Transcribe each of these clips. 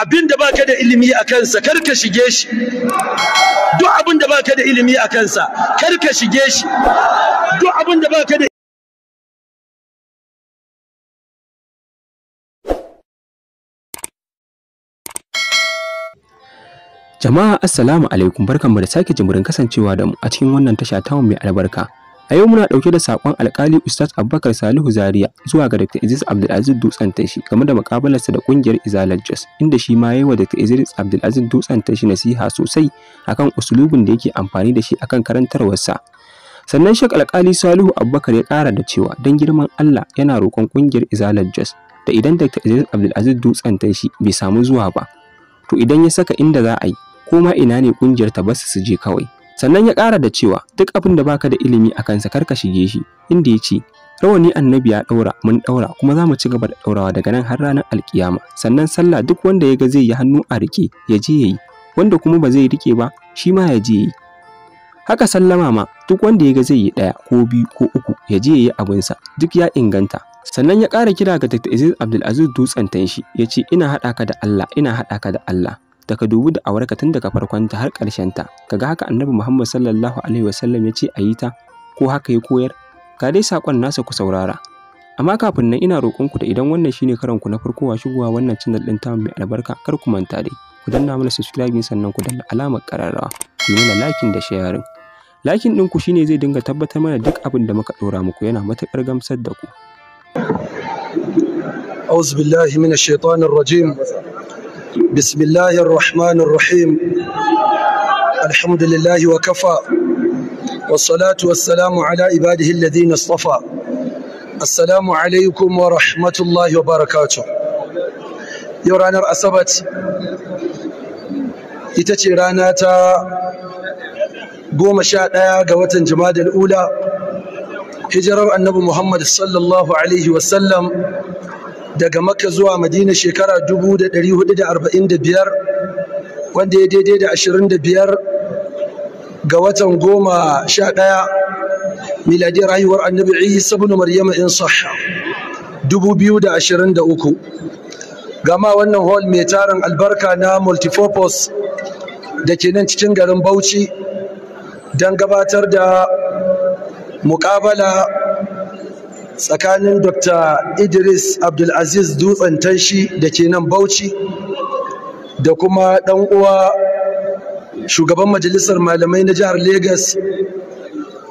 abin da baka da ilimi a kansa kar ka shige shi duk abin da baka da ilimi a kansa kar ka shige shi duk abin da baka da Jama'a assalamu alaikum barkanmu da sake jimurin kasancewa da mu a cikin wannan tasha ta mai albarka A yau muna ɗauke da saƙon alƙali Ustaz Abubakar Salihu Zaria zuwa ga Dr. Aziz Abdulaziz Dutsen Tashi game da muƙabalarsa da ƙungiyar Izalar Jos inda shi ma yi wa Dr. Aziz Abdulaziz Dutsen Tashi nasiha sosai akan usulubin da yake amfani da shi akan karantarwarsa. Sannan Sheikh Alƙali Salihu Abubakar ya ƙara da cewa don girman Allah yana roƙon ƙungiyar Izalar Jos da idan Dr. Aziz Abdulaziz Dutsen Tashi bai samu zuwa ba to idan ya saka inda za a yi ko ma ina ne ƙungiyar ta basu su je kawai. sannan ya ƙara da cewa duk abin da baka da ilimi a kansa kar ka shige shi inda ya ce rawani annabi ya ɗaura mun ɗaura kuma za mu ci gaba da ɗaurawa daga nan har ranar alkiyama sannan sallah duk wanda ya ga zai yi hannu a rike ya je ya yi wanda kuma ba zai rike ba shi ma ya je ya yi haka sallama ma duk wanda ya ga zai yi ɗaya ko biyu ko uku ya je ya yi abinsa duk ya inganta sannan ya ƙara kira ga Dr. Aziz Abdulaziz Dutsen Tanshi ya ce ina haɗa ka da Allah ina haɗa ka da Allah da ka dubi da awarka tun daga farkonta har ƙarshenta kaga haka annabi muhammad sallallahu alaihi wasallam ya ce a yi ta ko haka ya koyar Ka dai saƙon nasa ku saurara amma kafin nan ina roƙonku da idan wannan shine karan ku na farko wa shigowa wannan channel ɗin tamu mai albarka kar ku manta dai ku danna mana subscribe sannan ku danna alamar ƙararrawa ku yi mana lakin da sharing lakin ɗin ku shine zai dinga tabbatar mana duk abin da muka ɗora muku yana matuƙar gamsar da ku أعوذ بالله من الشيطان الرجيم بسم الله الرحمن الرحيم الحمد لله وكفى والصلاة والسلام على عباده الذين اصطفى السلام عليكم ورحمة الله وبركاته يورانا الأسبت itace rana ta goma sha ɗaya ga watan jimadar ula hijirar annabi muhammad sallallahu alaihi wasallam daga makka zuwa madina shekara 1445 wanda ya daidai da 25 ga watan goma sha ɗaya miladiyar rayuwar annabi isa ibn maryama in sahha 2023 gama wannan hall mai tarin albarka na multipurpose da ke nan cikin garin bauchi don gabatar da muƙabala tsakanin dr idris abdulaziz dutsen tanshi da ke nan bauchi da kuma ɗan uwa shugaban majalisar malamai na jihar Legas,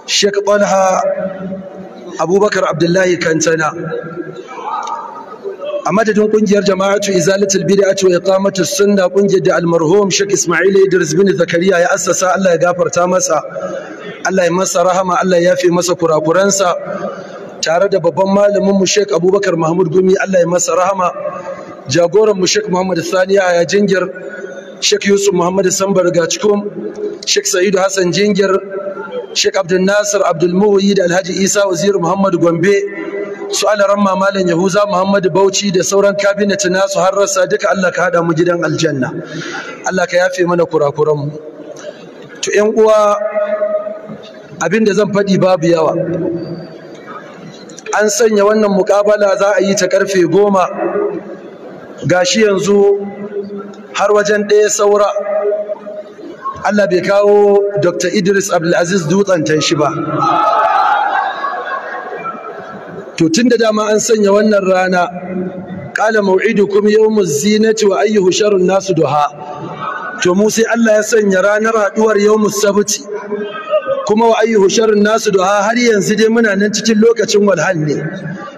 sheik talha abubakar abdullahi kantana a madadin kungiyar jama'atu izalatul bid'atu wa iqamatus sunna kungiyar da almarhum Sheikh Ismail Idris bin Zakariya ya assasa Allah ya gafarta masa Allah ya masa rahama Allah ya yafe masa kurakuransa tare da babban malamin mu Sheikh Abubakar Mahmud Gumi Allah ya masa rahama jagoran mu Sheikh Muhammad Sani a Jingir Sheikh Yusuf Muhammad Sambar Gacikum Sheikh Sa'idu Hassan Jingir Sheikh Abdul Nasir Abdul Muhyi da Alhaji Isa Waziri Muhammad Gombe su alaran mamalan Yahuza Muhammad Bauchi da sauran kabinet nasu har rasa duka Allah ka hada mu gidan aljanna Allah ka yafe mana kurakuran mu to ƴan uwa abinda zan faɗi babu yawa an sanya wannan mukabala za a yi ta karfe goma gashi yanzu har wajen ɗaya saura Allah bai kawo Dr. Idris Abdulaziz dutsen shi ba to tun da dama an sanya wannan rana kuma yau mu zinati wa ayyuhu sharun nasu duha to mu sai Allah ya sanya ranar yau mu sabuci. kuma wa ayyuhu sharrun nasu du'a har yanzu dai muna nan cikin lokacin walhal ne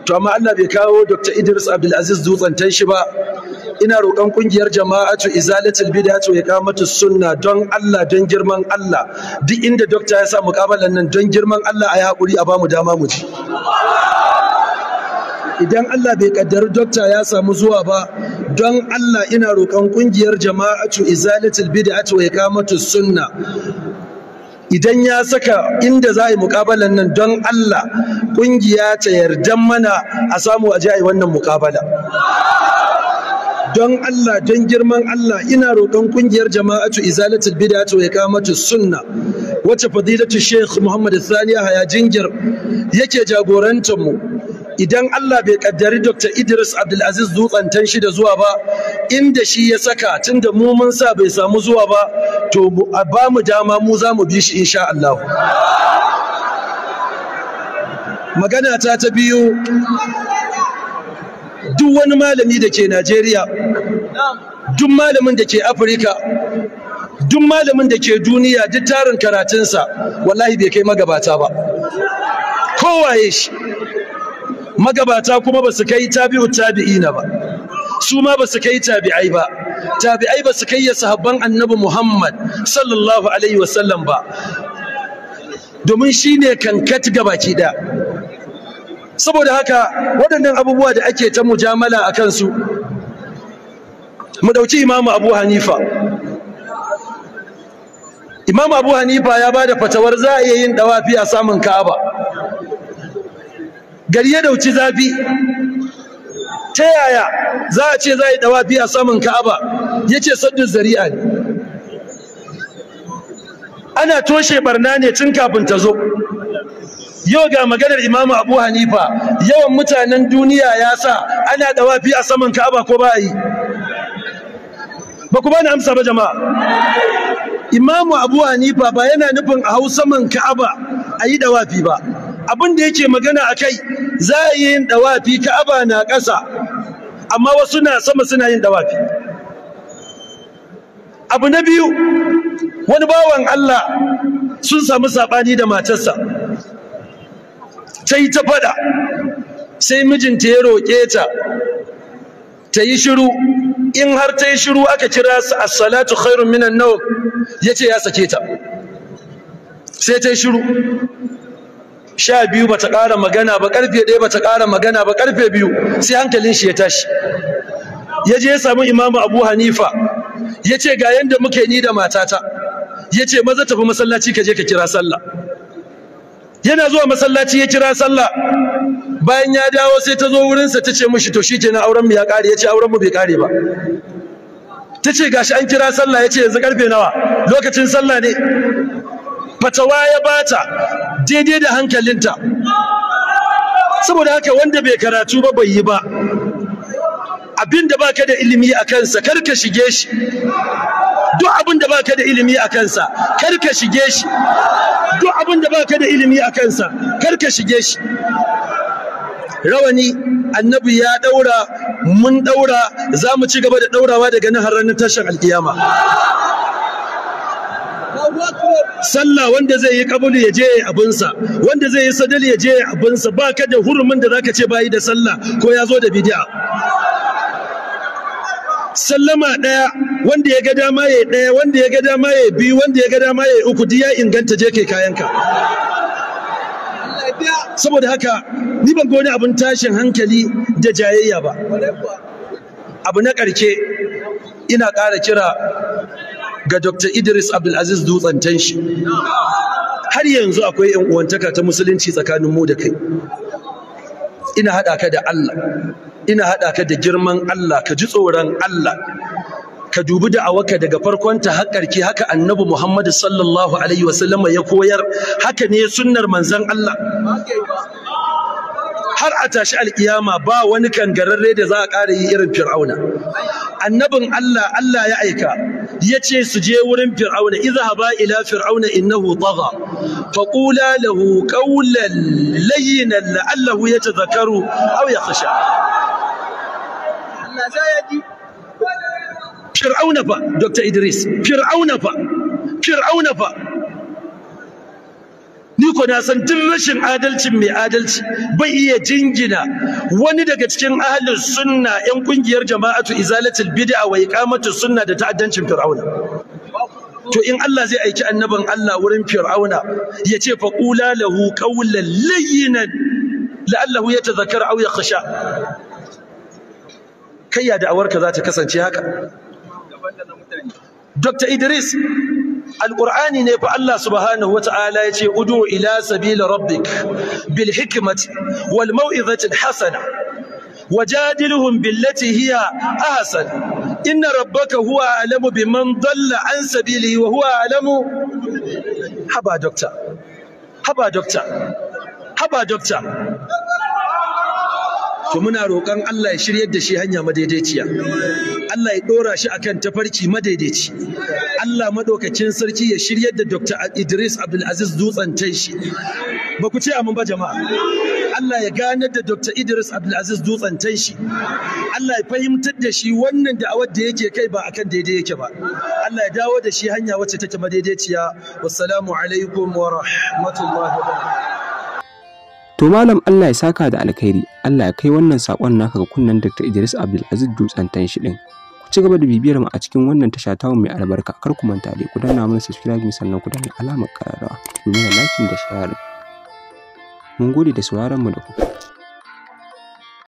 to amma Allah bai kawo Dr. Idris Abdulaziz dutsantan shi ba ina roƙon ƙungiyar jama'atu izalatul bid'atu wa iqamatus sunna don Allah don girman Allah duk inda dokta ya sa muƙabalan nan don girman Allah a hakuri a bamu dama mu ji idan Allah bai kaddari dokta ya samu zuwa ba don Allah ina roƙon ƙungiyar jama'atu izalatul bid'atu wa iqamatus sunna idan ya saka inda za a yi mukabalan nan don Allah kungiya ta yarda mana a samu a yi wannan mukabala don Allah don girman Allah ina roƙon kungiyar jama'atu izalatul bid'atu ya mata sunna wacce fadilatu Sheikh Muhammad Sani Haya Jingir yake jagorantar mu idan Allah bai kaddari Dr. Idris Abdulaziz Dutsen tan shida zuwa ba inda shi ya saka tunda mu mun sa bai samu zuwa ba to ba mu dama mu za mu bi shi insha Allah magana ta ta biyu duk wani malami da ke Najeriya duk malamin da ke Afirka duk malamin da ke duniya duk tarin karatunsa wallahi bai kai magabata ba kowaye shi magabata kuma ba su kai tabi'u tabi'ina ba su ma ba su kai tabi'ai ba tabi'ai ba su kai ya sahabban annabi muhammad sallallahu alaihi wasallam ba domin shi ne kankat ga baki ɗaya saboda haka waɗannan abubuwa da ake ta mujamala a kansu mu ɗauki imamu abu hanifa imamu abu hanifa ya ba da fatawar za a iya yin ɗawafi a samun ka'aba gari ya ɗauki zafi ta yaya za a ce za a yi dawafi a saman ka'aba ya ce saddun zari'a ne ana toshe barna ne tun kafin ta zo yau ga maganar imamu abu hanifa yawan mutanen duniya ya sa ana dawafi a saman ka'aba ko ba a yi ba ku bani amsa ba jama'a imamu abu hanifa ba yana nufin a hau saman ka'aba a yi dawafi ba abin da yake magana a kai za a yi yin dawafi ka'aba na ƙasa amma wasu na sama suna yin dawafi abu na biyu wani bawan Allah sun samu saɓani da matarsa ta yi ta faɗa sai mijinta ya roƙe ta ta yi shiru in har ta yi shiru aka kira su as-salatu khairun minan nawm yace ya sake ta sai ta yi shiru sha biyu bata ƙara magana ba ƙarfe ɗaya bata ƙara magana ba ƙarfe biyu sai hankalin shi ya tashi ya je ya samu imamu abu hanifa ya ce ga yadda muke ni da matata ya ce maza tafi masallaci ka je ka kira sallah yana zuwa masallaci ya kira sallah bayan ya dawo sai ta zo wurinsa ta ce mushi to shi kenan auren mu ya ƙare ya ce auren mu bai ƙare ba ta ce gashi an kira sallah ya ce yanzu ƙarfe nawa lokacin sallah ne fatawa ya bata daidai da hankalinta saboda haka wanda bai karatu ba bai yi ba abin da baka da ilimi a kansa kar ka shige shi duk abin da baka da ilimi a kansa kar ka shige shi duk abin da baka da ilimi a kansa kar ka shige shi rawani annabi ya daura mun daura za mu ci gaba da daurawa daga nan har ranar tashin alkiyama sallah wanda zai yi kabulu ya je abinsa wanda zai yi sadal ya je abinsa ba ka da hurumin da za ka ce bayi da sallah ko ya zo da bid'a sallama ɗaya wanda ya ga dama ya ɗaya wanda ya ga dama ya biyu wanda ya ga dama ya uku inganta je kai kayanka saboda haka ni ban ga wani abin tashin hankali da jayayya ba abu na ƙarke ina ƙara kira ga Dr. Idris Abdulaziz Dutsen tanshi har yanzu akwai yan uwantaka ta musulunci tsakanin mu da kai ina haɗa ka da Allah ina haɗa ka da girman Allah ka ji tsoron Allah ka dubi da da'awarka daga farkon ta ƙarki haka annabi Muhammadu sallallahu alaihi wasallam ya koyar haka ne sunnar manzan Allah har a tashi alƙiyama ba wani kangararre da za a ƙara yi irin fir'auna annabin Allah Allah ya aika yace su je wurin fir'auna idhaba ila fir'auna innahu tagha faqula lahu qawlan layyinan la'allahu yatadhakkaru aw yakhsha Allah sai ya ji fir'auna fa Dr Idris fir'auna fa fir'auna fa ni na san duk rashin adalcin mai adalci bai iya jingina wani daga cikin ahlus sunna yan kungiyar jama'atu izalatul bid'a wa iqamatu sunna da ta'addancin fir'auna to in Allah zai aiki annaban Allah wurin fir'auna ya ce fa qula lahu qawlan layyinan la'allahu yatadhakkar aw yakhsha kai ya da'awarka za ta kasance haka Dr. Idris alƙur'ani ne fa Allah subhanahu wata'ala yace udu ila sabila rabbik bil hikmati wal mau'izati hasana wajadilhum billati hiya ahsan inna rabbaka huwa alamu biman dalla an sabilihi wa huwa alamu haba doctor haba doctor haba doctor to muna roƙon Allah ya shiryar da shi hanya madaidaiciya Allah ya ɗora shi akan tafarki madaidaici Allah maɗaukakin sarki ya shirya da Dr. Idris Abdulaziz Dutsen shi ba ku ce amin ba jama'a Allah ya ganar da Dr. Idris Abdulaziz Dutsen shi Allah ya fahimtar da shi wannan da'awar da yake kai ba akan daidai yake ba Allah ya dawo da shi hanya wacce take madaidaiciya wassalamu alaikum wa rahmatullahi wa barakatuh To malam Allah ya saka da alkhairi, Allah ya kai wannan sakon naka ga kunnen Dr. Idris Abdul Abdulaziz Dutsen tanshi din. Ku ci gaba da bibiyar mu a cikin wannan tasha ta mai albarka. Kar ku manta dai ku danna mana subscribe sannan ku danna alamar kararrawa domin liking da share. Mun gode da sauraron mu da ku.